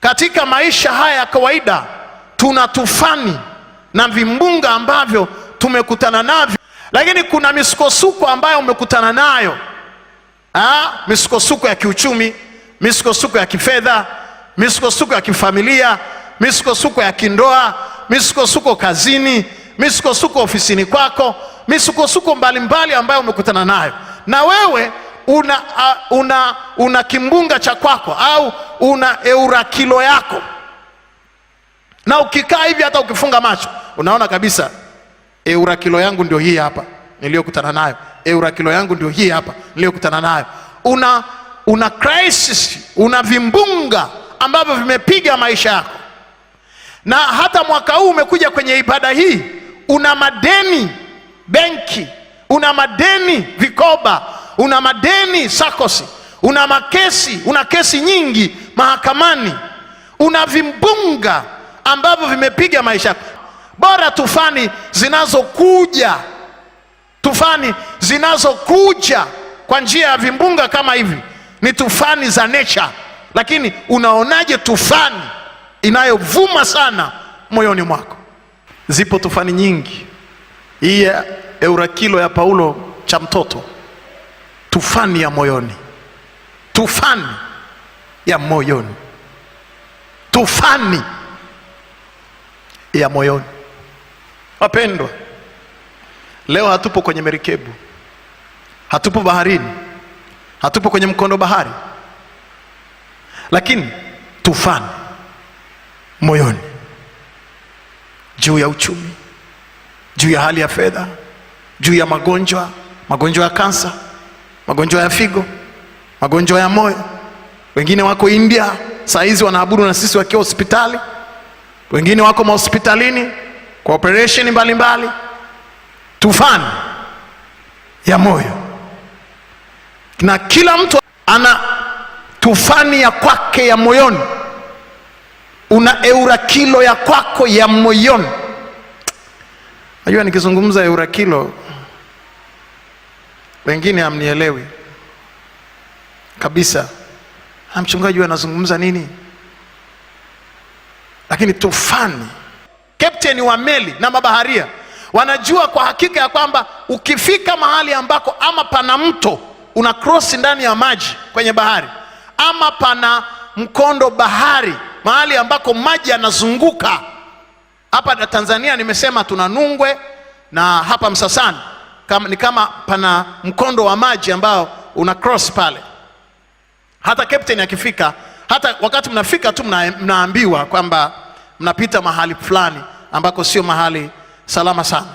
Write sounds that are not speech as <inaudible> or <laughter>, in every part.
Katika maisha haya ya kawaida tuna tufani na vimbunga ambavyo tumekutana navyo, lakini kuna misukosuko ambayo umekutana nayo ah, misukosuko ya kiuchumi, misukosuko ya kifedha, misukosuko ya kifamilia, misukosuko ya kindoa, misukosuko kazini, misukosuko ofisini kwako, misukosuko mbalimbali ambayo umekutana nayo na wewe una, uh, una, una kimbunga cha kwako au una eurakilo yako, na ukikaa hivi hata ukifunga macho unaona kabisa eurakilo yangu ndio hii hapa niliyokutana nayo, eurakilo yangu ndio hii hapa niliyokutana nayo. Una, una crisis, una vimbunga ambavyo vimepiga maisha yako, na hata mwaka huu umekuja kwenye ibada hii, una madeni benki, una madeni vikoba una madeni sakosi, una makesi, una kesi nyingi mahakamani, una vimbunga ambavyo vimepiga maisha yako. Bora tufani zinazokuja, tufani zinazokuja kwa njia ya vimbunga kama hivi ni tufani za nature, lakini unaonaje tufani inayovuma sana moyoni mwako? Zipo tufani nyingi. Hii ya Eurakilo ya Paulo cha mtoto tufani ya moyoni, tufani ya moyoni, tufani ya moyoni. Wapendwa, leo hatupo kwenye merikebu, hatupo baharini, hatupo kwenye mkondo bahari, lakini tufani moyoni, juu ya uchumi, juu ya hali ya fedha, juu ya magonjwa, magonjwa ya kansa magonjwa ya figo, magonjwa ya moyo. Wengine wako India saa hizi wanaabudu na sisi wakiwa hospitali, wengine wako mahospitalini kwa operesheni mbalimbali. Tufani ya moyo, na kila mtu ana tufani ya kwake ya moyoni. Una eurakilo ya kwako ya moyoni. Najua nikizungumza eurakilo wengine hamnielewi kabisa, ah, mchungaji anazungumza nini? Lakini tufani, kapteni wa meli na mabaharia wanajua kwa hakika ya kwamba ukifika mahali ambako ama pana mto una cross ndani ya maji kwenye bahari, ama pana mkondo bahari, mahali ambako maji yanazunguka. Hapa Tanzania nimesema tuna Nungwe na hapa Msasani kama, ni kama pana mkondo wa maji ambao una cross pale. Hata captain akifika, hata wakati mnafika tu mna, mnaambiwa kwamba mnapita mahali fulani ambako sio mahali salama sana,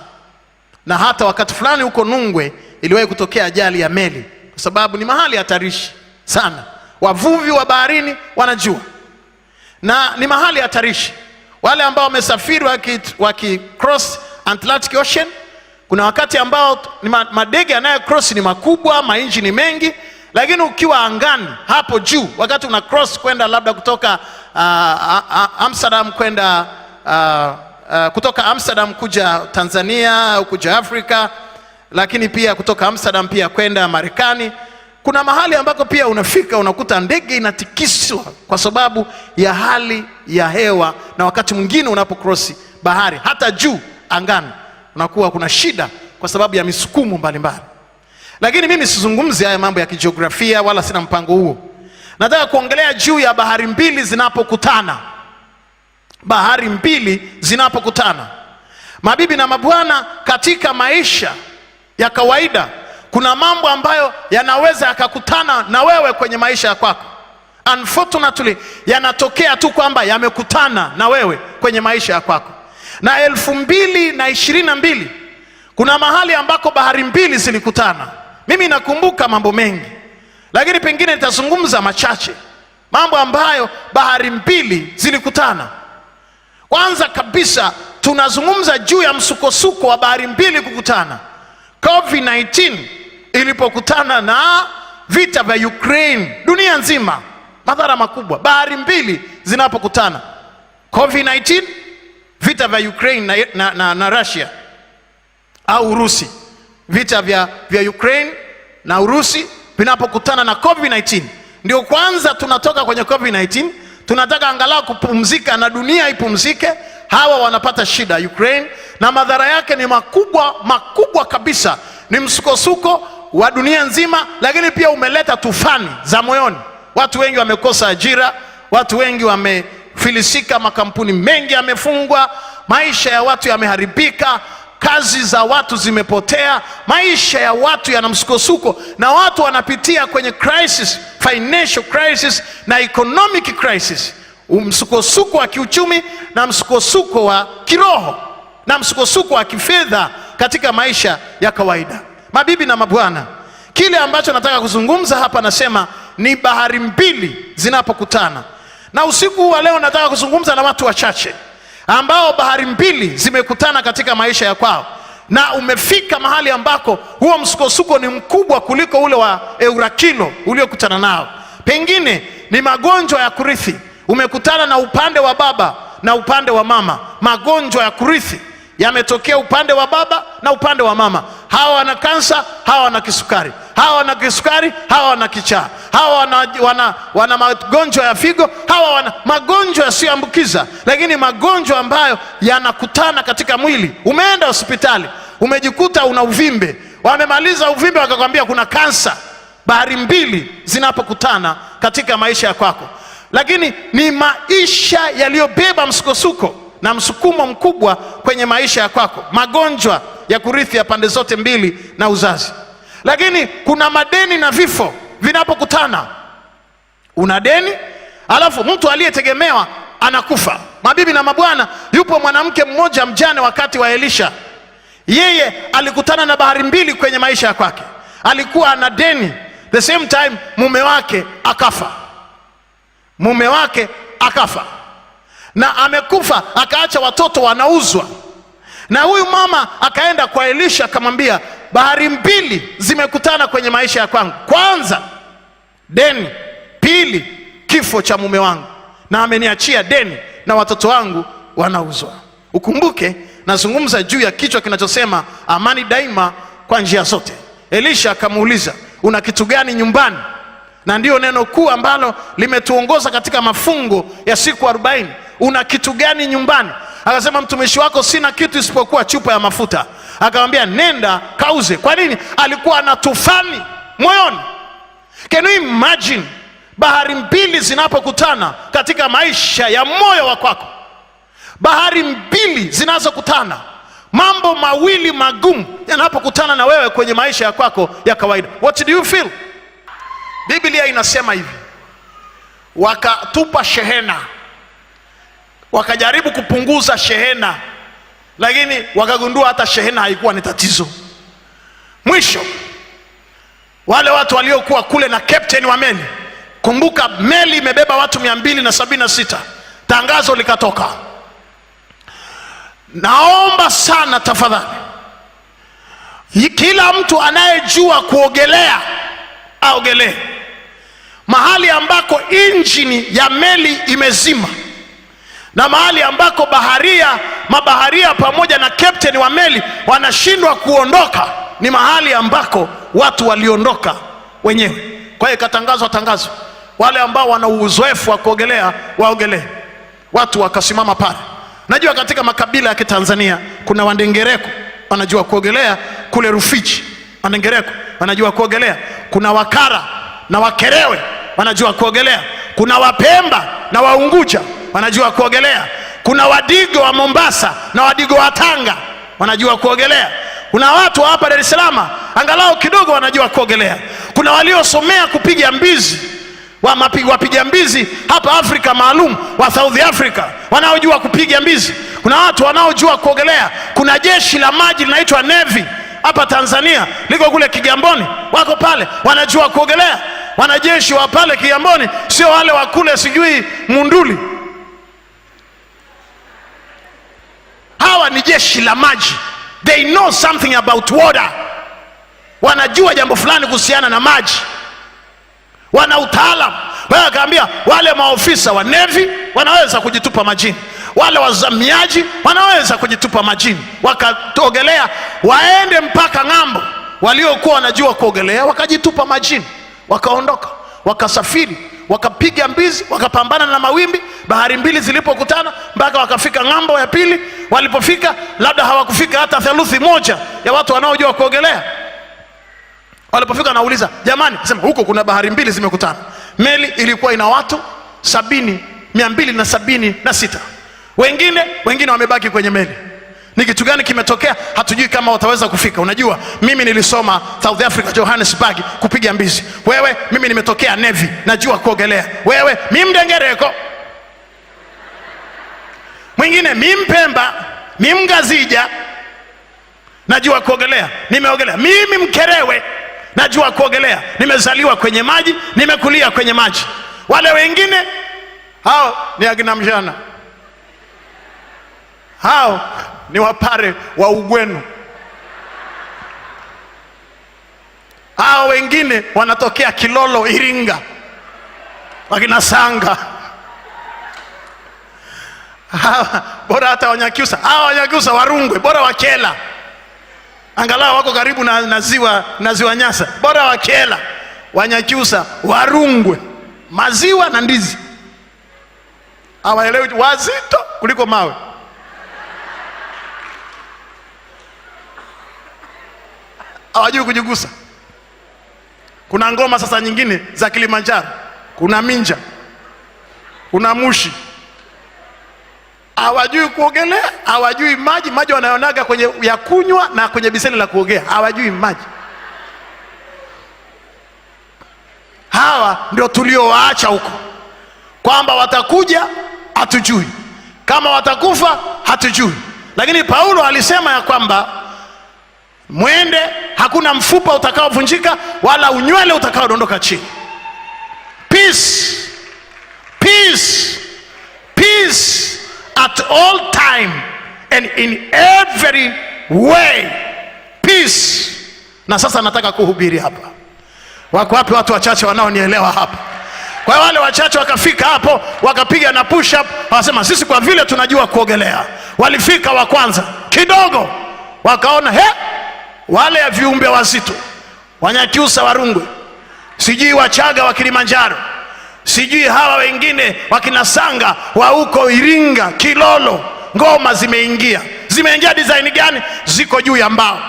na hata wakati fulani huko Nungwe iliwahi kutokea ajali ya meli, kwa sababu ni mahali hatarishi sana. Wavuvi wa baharini wanajua, na ni mahali hatarishi. Wale ambao wamesafiri waki, waki cross Atlantic Ocean kuna wakati ambao ni madege yanayo cross ni makubwa, mainji ni mengi, lakini ukiwa angani hapo juu, wakati una cross kwenda labda kutoka uh, uh, uh, Amsterdam kwenda uh, uh, kutoka Amsterdam kuja Tanzania au kuja Afrika, lakini pia kutoka Amsterdam pia kwenda Marekani, kuna mahali ambako pia unafika unakuta ndege inatikiswa kwa sababu ya hali ya hewa, na wakati mwingine unapokrosi bahari hata juu angani unakuwa kuna shida kwa sababu ya misukumu mbalimbali. Lakini mimi sizungumzi haya mambo ya kijiografia, wala sina mpango huo. Nataka kuongelea juu ya bahari mbili zinapokutana, bahari mbili zinapokutana. Mabibi na mabwana, katika maisha ya kawaida kuna mambo ambayo yanaweza yakakutana na wewe kwenye maisha ya kwako. Unfortunately yanatokea tu kwamba yamekutana na wewe kwenye maisha ya kwako na elfu mbili na ishirini na mbili kuna mahali ambako bahari mbili zilikutana. Mimi nakumbuka mambo mengi, lakini pengine nitazungumza machache mambo ambayo bahari mbili zilikutana. Kwanza kabisa tunazungumza juu ya msukosuko wa bahari mbili kukutana. COVID-19 ilipokutana na vita vya Ukraine, dunia nzima, madhara makubwa bahari mbili zinapokutana. COVID-19 vita vya Ukraine na, na, na, na Russia au Urusi, vita vya, vya Ukraine na Urusi vinapokutana na COVID-19, ndio kwanza tunatoka kwenye COVID-19. Tunataka angalau kupumzika na dunia ipumzike, hawa wanapata shida Ukraine, na madhara yake ni makubwa makubwa kabisa, ni msukosuko wa dunia nzima, lakini pia umeleta tufani za moyoni. Watu wengi wamekosa ajira, watu wengi wame filisika, makampuni mengi yamefungwa, maisha ya watu yameharibika, kazi za watu zimepotea, maisha ya watu yana msukosuko, na watu wanapitia kwenye crisis, financial crisis na economic crisis, msukosuko wa kiuchumi na msukosuko wa kiroho na msukosuko wa kifedha katika maisha ya kawaida. Mabibi na mabwana, kile ambacho nataka kuzungumza hapa, nasema ni bahari mbili zinapokutana na usiku wa leo nataka kuzungumza na watu wachache ambao bahari mbili zimekutana katika maisha ya kwao, na umefika mahali ambako huo msukosuko ni mkubwa kuliko ule wa Eurakino uliokutana nao. Pengine ni magonjwa ya kurithi, umekutana na upande wa baba na upande wa mama. Magonjwa ya kurithi yametokea upande wa baba na upande wa mama, hawa wana kansa, hawa wana kisukari hawa wana kisukari, hawa wana kichaa, hawa wana, wana, wana magonjwa ya figo, hawa wana magonjwa yasiyoambukiza, lakini magonjwa ambayo yanakutana katika mwili. Umeenda hospitali umejikuta una uvimbe, wamemaliza uvimbe wakakwambia kuna kansa. Bahari mbili zinapokutana katika maisha ya kwako, lakini ni maisha yaliyobeba msukosuko na msukumo mkubwa kwenye maisha ya kwako, magonjwa ya kurithi ya pande zote mbili na uzazi. Lakini kuna madeni na vifo vinapokutana, una deni alafu mtu aliyetegemewa anakufa. Mabibi na mabwana, yupo mwanamke mmoja mjane wakati wa Elisha. Yeye alikutana na bahari mbili kwenye maisha ya kwake. Alikuwa ana deni, the same time mume wake akafa, mume wake akafa na amekufa, akaacha watoto wanauzwa. Na huyu mama akaenda kwa Elisha akamwambia, bahari mbili zimekutana kwenye maisha ya kwangu. Kwanza deni, pili kifo cha mume wangu, na ameniachia deni na watoto wangu wanauzwa. Ukumbuke nazungumza juu ya kichwa kinachosema amani daima kwa njia zote. Elisha akamuuliza una kitu gani nyumbani? Na ndiyo neno kuu ambalo limetuongoza katika mafungo ya siku arobaini. Una kitu gani nyumbani? Akasema, mtumishi wako sina kitu isipokuwa chupa ya mafuta. Akamwambia, nenda kauze. Kwa nini? Alikuwa na tufani moyoni. Can you imagine bahari mbili zinapokutana katika maisha ya moyo wa kwako, bahari mbili zinazokutana, mambo mawili magumu yanapokutana na wewe kwenye maisha ya kwako ya kawaida, what do you feel? Biblia inasema hivi, wakatupa shehena wakajaribu kupunguza shehena, lakini wakagundua hata shehena haikuwa ni tatizo. Mwisho wale watu waliokuwa kule na captain wa meli, kumbuka meli imebeba watu mia mbili na sabini na sita. Tangazo likatoka, naomba sana tafadhali, kila mtu anayejua kuogelea aogelee mahali ambako injini ya meli imezima na mahali ambako baharia mabaharia pamoja na captain wa meli wanashindwa kuondoka ni mahali ambako watu waliondoka wenyewe. Kwa hiyo ikatangazwa tangazo, wale ambao wana uzoefu wa kuogelea waogelee. Watu wakasimama pale. Najua katika makabila ya Kitanzania kuna Wandengereko wanajua kuogelea, kule Rufiji Wandengereko wanajua kuogelea, kuna Wakara na Wakerewe wanajua kuogelea kuna Wapemba na Waunguja wanajua kuogelea, kuna Wadigo wa Mombasa na Wadigo wa Tanga wanajua kuogelea, kuna watu wa hapa Dar es Salaam angalau kidogo wanajua kuogelea, kuna waliosomea kupiga mbizi wapiga mbizi hapa Afrika maalum wa South Africa wanaojua kupiga mbizi, kuna watu wanaojua kuogelea. Kuna jeshi la maji linaitwa Navy hapa Tanzania liko kule Kigamboni, wako pale wanajua kuogelea wanajeshi wa pale Kiamboni sio wale wa kule sijui Munduli. Hawa ni jeshi la maji, they know something about water. Wanajua jambo fulani kuhusiana na maji, wana utaalamu. Wao akaambia wale maofisa wa nevi wanaweza kujitupa majini, wale wazamiaji wanaweza kujitupa majini. Wakatogelea waende mpaka ng'ambo, waliokuwa wanajua kuogelea wakajitupa majini wakaondoka wakasafiri wakapiga mbizi wakapambana na mawimbi, bahari mbili zilipokutana mpaka wakafika ng'ambo ya pili. Walipofika labda hawakufika hata theluthi moja ya watu wanaojua kuogelea. Walipofika wanauliza, jamani, sema huko kuna bahari mbili zimekutana. Meli ilikuwa ina watu sabini mia mbili na sabini na sita wengine wengine wamebaki kwenye meli ni kitu gani kimetokea? Hatujui kama wataweza kufika. Unajua, mimi nilisoma South Africa, Johannesburg, kupiga mbizi. Wewe mimi nimetokea Navy, najua kuogelea. Wewe mi Mdengereko, mwingine mi Mpemba, mi Mgazija, najua kuogelea, nimeogelea. Mimi Mkerewe, najua kuogelea, nimezaliwa kwenye maji, nimekulia kwenye maji. Wale wengine hao ni mjana hao ni wapare wa Ugweno. Hawa wengine wanatokea Kilolo, Iringa, wakina Sanga hawa, bora hata Wanyakyusa hawa Wanyakyusa Warungwe, bora Wakela, angalau wako karibu na, na ziwa na ziwa Nyasa, bora Wakela, Wanyakyusa Warungwe, maziwa na ndizi hawaelewi, wazito kuliko mawe. hawajui kujigusa. Kuna ngoma sasa nyingine za Kilimanjaro, kuna minja, kuna mushi, hawajui kuogelea, hawajui maji. Maji wanayonaga kwenye ya kunywa na kwenye beseni la kuogea, hawajui maji. Hawa ndio tuliowaacha huko, kwamba watakuja hatujui, kama watakufa hatujui. Lakini Paulo alisema ya kwamba mwende, hakuna mfupa utakaovunjika wala unywele utakaodondoka chini. Peace, peace, peace at all time and in every way peace. Na sasa nataka kuhubiri hapa. Wako wapi watu wachache wanaonielewa hapa? Kwa wale wachache wakafika hapo wakapiga na push up, wakasema sisi kwa vile tunajua kuogelea. Walifika wa kwanza kidogo, wakaona he wale ya viumbe wazito Wanyakyusa Warungwe, sijui Wachaga wa Kilimanjaro, sijui hawa wengine wakinasanga wa huko Iringa, Kilolo, ngoma zimeingia. Zimeingia design gani? Ziko juu ya mbao.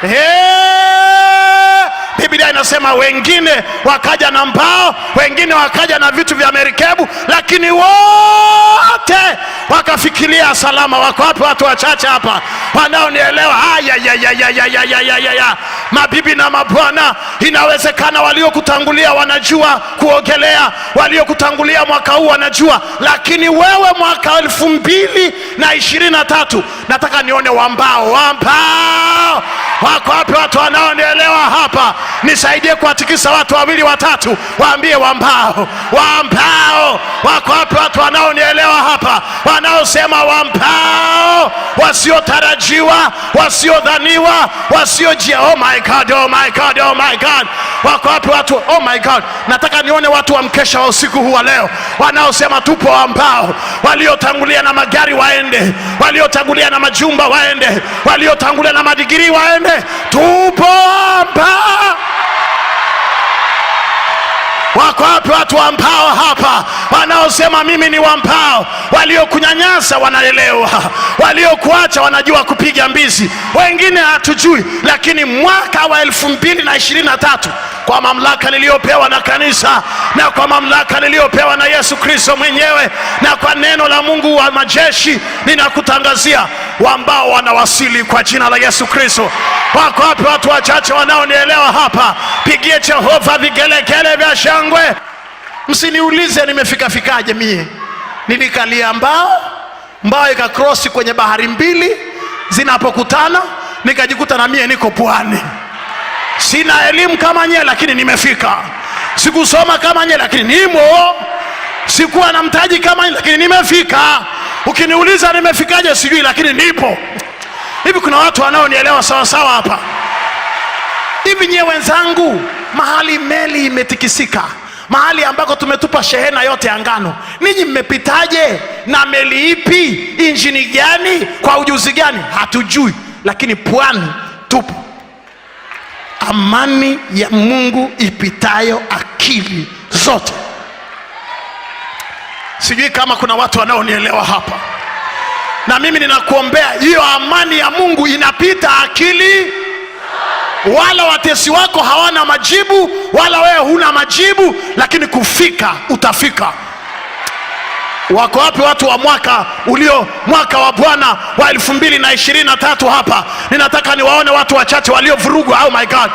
Hey! Biblia inasema wengine wakaja na mbao, wengine wakaja na vitu vya merikebu, lakini wote wakafikiria salama. Wako wapi watu wachache hapa wanaonielewa? ya. mabibi na mabwana, inawezekana waliokutangulia wanajua kuogelea, waliokutangulia mwaka huu wanajua, lakini wewe mwaka elfu mbili na ishirini na tatu nataka nione wambao, wambao. Wako wapi watu wanaonielewa hapa? nisaidie kuwatikisa watu wawili watatu, waambie wambao, wambao wako wapi? Watu wanaonielewa hapa, wanaosema wambao, wasiotarajiwa, wasiodhaniwa, wasiojia. Oh my God, oh my God, oh my God, wako wapi watu? Oh my God, nataka nione watu wa mkesha wa usiku huu wa leo wanaosema tupo wambao, waliotangulia na magari waende, waliotangulia na majumba waende, waliotangulia na madigiri waende, tupo wambao. Wako wapi watu wa Mpao hapa wanaosema mimi ni wa Mpao? Waliokunyanyasa wanaelewa, <laughs> waliokuacha wanajua kupiga mbizi, wengine hatujui. Lakini mwaka wa elfu mbili na ishirini na tatu kwa mamlaka niliyopewa na kanisa na kwa mamlaka niliyopewa na Yesu Kristo mwenyewe na kwa neno la Mungu wa majeshi, ninakutangazia ambao wanawasili kwa jina la Yesu Kristo. Wako wapi watu wachache wanaonielewa hapa? Pigie Jehova vigelegele vya shangwe. Msiniulize nimefika fikaje, mie nilikalia mbao, mbao ikakrosi kwenye bahari mbili zinapokutana, nikajikuta na mie niko pwani. Sina elimu kama nyie, lakini nimefika. Sikusoma kama nyie, lakini nimo. Sikuwa na mtaji kama nye lakini nimefika. Ukiniuliza nimefikaje, sijui, lakini nipo. Hivi kuna watu wanaonielewa sawasawa hapa? Hivi nyie wenzangu, mahali meli imetikisika, mahali ambako tumetupa shehena yote ya ngano, ninyi mmepitaje? Na meli ipi? Injini gani? Kwa ujuzi gani? Hatujui, lakini pwani tupo amani ya Mungu ipitayo akili zote. Sijui kama kuna watu wanaonielewa hapa, na mimi ninakuombea hiyo amani ya Mungu inapita akili. Wala watesi wako hawana majibu, wala wewe huna majibu, lakini kufika utafika. Wako wapi watu wa mwaka ulio mwaka wa Bwana wa elfu mbili na ishirini na tatu? Hapa ninataka niwaone watu wachache waliovurugwa. Oh my God,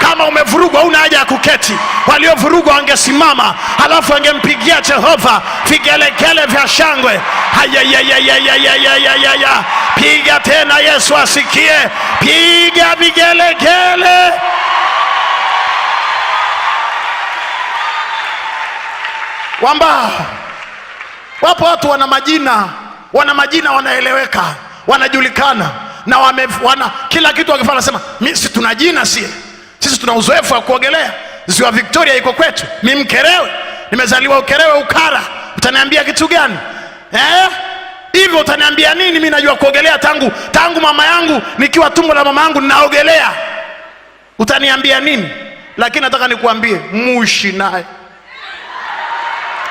kama umevurugwa una haja ya kuketi. Waliovurugwa wangesimama, halafu wangempigia Jehova vigelegele vya shangwe. Hayayayayayayayaya, piga tena, Yesu asikie, piga vigelegele. Wamba Wapo watu wana majina, wana majina, wanaeleweka, wanajulikana na wame, wana kila kitu wakifanya, wanasema sisi si tuna jina si sisi tuna uzoefu wa kuogelea, ziwa Victoria iko kwetu, mi Mkerewe, nimezaliwa Ukerewe Ukara, utaniambia kitu gani eh? Hivyo utaniambia nini? Mimi najua kuogelea tangu tangu mama yangu nikiwa tumbo la mama yangu ninaogelea, utaniambia nini? Lakini nataka nikuambie mushi naye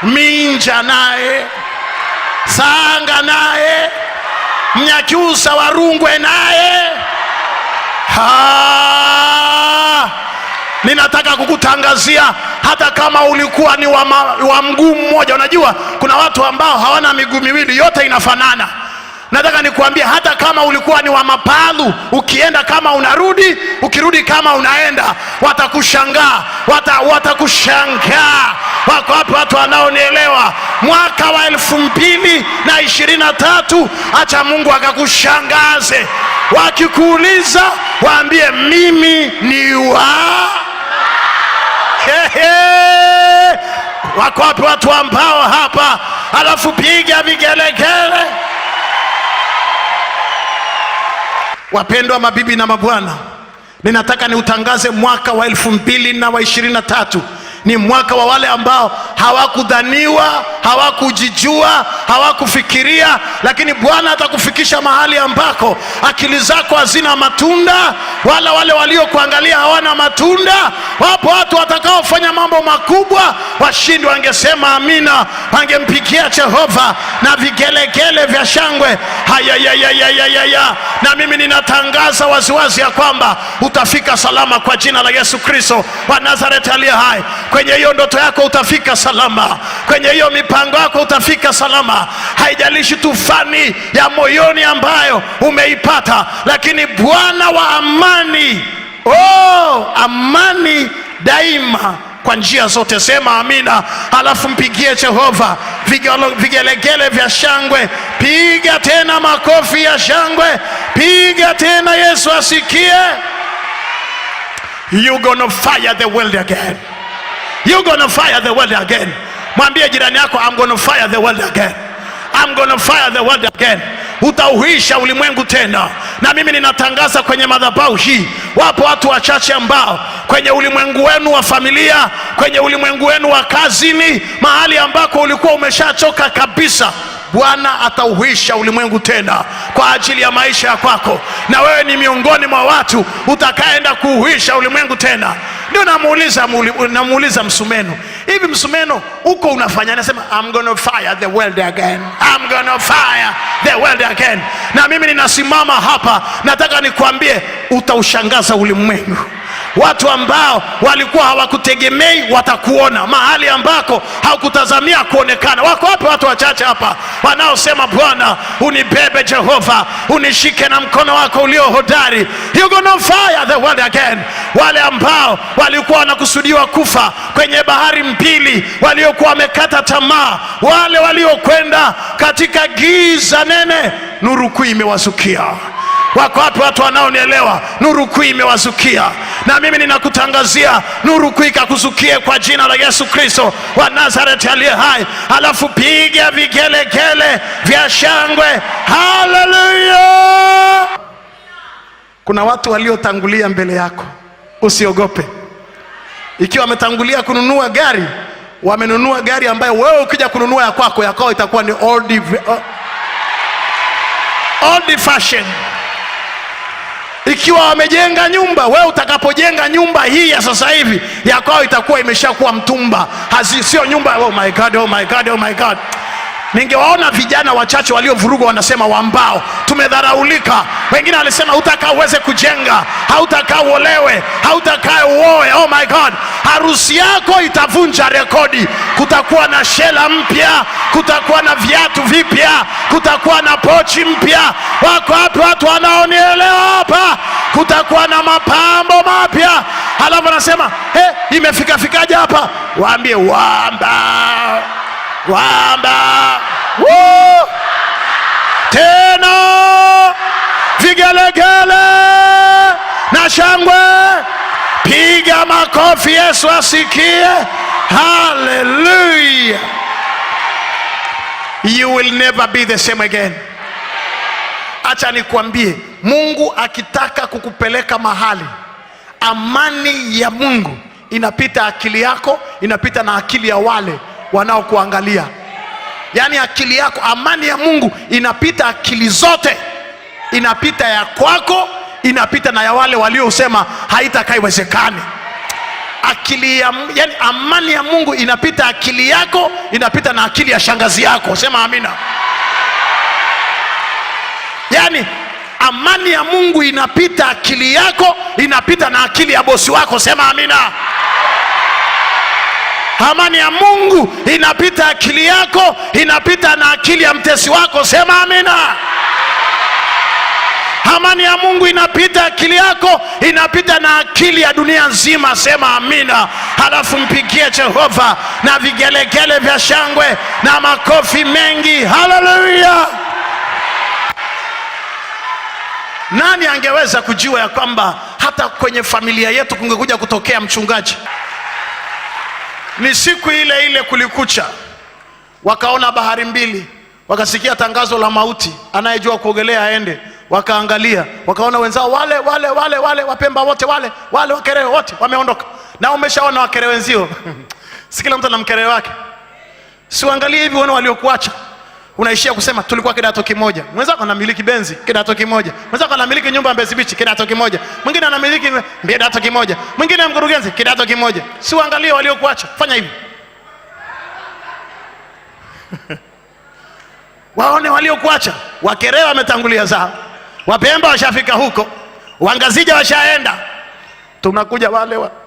Minja naye Sanga naye Mnyakyusa wa Rungwe naye. Ninataka kukutangazia hata kama ulikuwa ni wa, wa mguu mmoja. Unajua kuna watu ambao hawana miguu miwili, yote inafanana Nataka nikuambia hata kama ulikuwa ni wa mapalu, ukienda kama unarudi, ukirudi kama unaenda, watakushangaa, watakushangaa. Wako wapi watu wanaonielewa? Mwaka wa elfu mbili na ishirini na tatu acha Mungu akakushangaze. Wakikuuliza waambie mimi ni wa he Wako wapi watu ambao hapa? Alafu piga vigelegele. Wapendwa mabibi na mabwana, ninataka niutangaze mwaka wa elfu mbili na wa ishirini na tatu ni mwaka wa wale ambao hawakudhaniwa, hawakujijua, hawakufikiria, lakini Bwana atakufikisha mahali ambako akili zako hazina matunda, wala wale waliokuangalia hawana matunda. Wapo watu watakaofanya mambo makubwa, washindi wangesema amina, wangempigia Jehova na vigelegele vya shangwe. Hayayayayayaya! Na mimi ninatangaza waziwazi ya kwamba utafika salama kwa jina la Yesu Kristo wa Nazareti aliye hai. Kwenye hiyo ndoto yako utafika salama, kwenye hiyo mipango yako utafika salama. Haijalishi tufani ya moyoni ambayo umeipata, lakini Bwana wa amani, oh, amani daima kwa njia zote. Sema amina, halafu mpigie Jehova vigelegele vya shangwe. Piga tena makofi ya shangwe, piga tena, Yesu asikie. You gonna fire the world again. You gonna fire the world again. Mwambie jirani yako I'm gonna fire the world again. I'm gonna fire the world again. Utauhuisha ulimwengu tena. Na mimi ninatangaza kwenye madhabahu hii, wapo watu wachache ambao kwenye ulimwengu wenu wa familia, kwenye ulimwengu wenu wa kazini, mahali ambako ulikuwa umeshachoka kabisa Bwana atauhuisha ulimwengu tena kwa ajili ya maisha ya kwako, na wewe ni miongoni mwa watu utakaenda kuuhuisha ulimwengu tena. Ndio namuuliza namuuliza Msumeno, hivi Msumeno huko unafanya? nasema I'm gonna fire the world again, I'm gonna fire the world again. Na mimi ninasimama hapa, nataka nikwambie, utaushangaza ulimwengu. Watu ambao walikuwa hawakutegemei watakuona mahali ambako haukutazamia kuonekana. Wako wapi watu wachache hapa wanaosema Bwana unibebe, Jehova unishike na mkono wako ulio hodari, you gonna fire the world again. Wale ambao walikuwa wanakusudiwa kufa kwenye bahari mbili, waliokuwa wamekata tamaa, wale waliokwenda katika giza nene, nuru kuu imewasukia. Wako watu watu wanaonielewa, nuru kuu imewazukia na mimi ninakutangazia nuru kuu ikakuzukie kwa jina la Yesu Kristo wa Nazareti aliye hai. Alafu piga vigelegele vya shangwe, haleluya! Kuna watu waliotangulia mbele yako, usiogope. Ikiwa wametangulia kununua gari, wamenunua gari ambayo wewe ukija kununua ya kwako, yakao itakuwa ni old, old fashion ikiwa wamejenga nyumba, wewe utakapojenga nyumba hii ya sasa hivi ya kwao itakuwa imeshakuwa mtumba, sio nyumba. Oh my God, oh my God, oh my God. Ningewaona vijana wachache waliovurugwa wanasema wambao, tumedharaulika. Wengine walisema hutakaa uweze kujenga, hautakaa uolewe, hautakaa uoe. Oh my God, harusi yako itavunja rekodi. Kutakuwa na shela mpya, kutakuwa na viatu vipya, kutakuwa na pochi mpya. Wako wapi watu wanaonielewa? kutakuwa na mapambo mapya. Halafu anasema hey, imefika fikaje hapa? Waambie wamba wamba Woo! tena vigelegele na shangwe, piga makofi, Yesu asikie. Haleluya! you will never be the same again. Acha nikwambie Mungu akitaka kukupeleka mahali, amani ya Mungu inapita akili yako, inapita na akili ya wale wanaokuangalia. Yaani akili yako, amani ya Mungu inapita akili zote, inapita ya kwako, inapita na ya wale waliosema haitakaiwezekani. Akili ya, yani amani ya Mungu inapita akili yako, inapita na akili ya shangazi yako. Sema amina. Yani amani ya Mungu inapita akili yako, inapita na akili ya bosi wako. Sema amina. Amani ya Mungu inapita akili yako, inapita na akili ya mtesi wako. Sema amina. Amani ya Mungu inapita akili yako, inapita na akili ya dunia nzima. Sema amina. Halafu mpigie Jehova na vigelegele vya shangwe na makofi mengi. Haleluya! Nani angeweza kujua ya kwamba hata kwenye familia yetu kungekuja kutokea mchungaji? Ni siku ile ile kulikucha, wakaona bahari mbili, wakasikia tangazo la mauti, anayejua kuogelea aende. Wakaangalia wakaona wenzao wale wale wale wale, Wapemba wote wale wale, wakerewe wote wameondoka. Na umeshaona Wakere wenzio <laughs> si kila mtu ana mkerewe wake, siwaangalie hivi, wana waliokuacha unaishia kusema tulikuwa kidato kimoja, mwenzako anamiliki benzi kidato kimoja, mwenzako anamiliki nyumba Mbezi Beach kidato kimoja, mwingine anamiliki kidato kimoja, mwingine mkurugenzi kidato kimoja. Si uangalie waliokuacha, fanya hivi <laughs> waone waliokuacha. Wakerewe wametangulia zao, Wapemba washafika huko, Wangazija washaenda, tunakuja wale wale.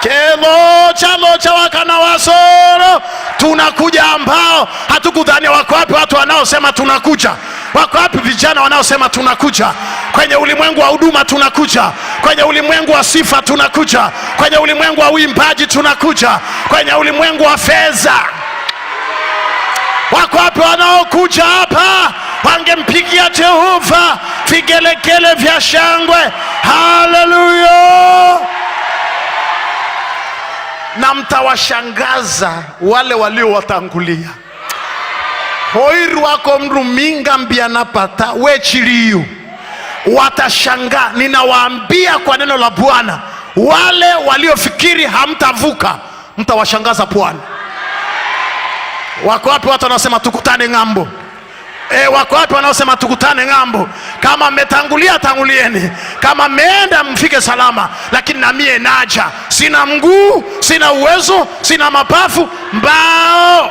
Kemo chamo cha wakana Wasoro, tunakuja ambao hatukudhania. Wako wapi watu wanaosema tunakuja? Wako wapi vijana wanaosema tunakuja? Kwenye ulimwengu wa huduma tunakuja, kwenye ulimwengu wa sifa tunakuja, kwenye ulimwengu wa uimbaji tunakuja, kwenye ulimwengu wa fedha. Wako wapi wanaokuja hapa wangempigia Jehova vigelegele vya shangwe? Haleluya! na mtawashangaza wale waliowatangulia hoirwako mndu minga mbia napata wechiliyu watashangaa. Ninawaambia kwa neno la Bwana, wale waliofikiri hamtavuka mtawashangaza Bwana. Wako wapi watu wanasema tukutane ng'ambo? E, wako watu wanaosema tukutane ng'ambo. Kama mmetangulia tangulieni, kama mmeenda mfike salama, lakini namie naja, sina mguu, sina uwezo, sina mapafu mbao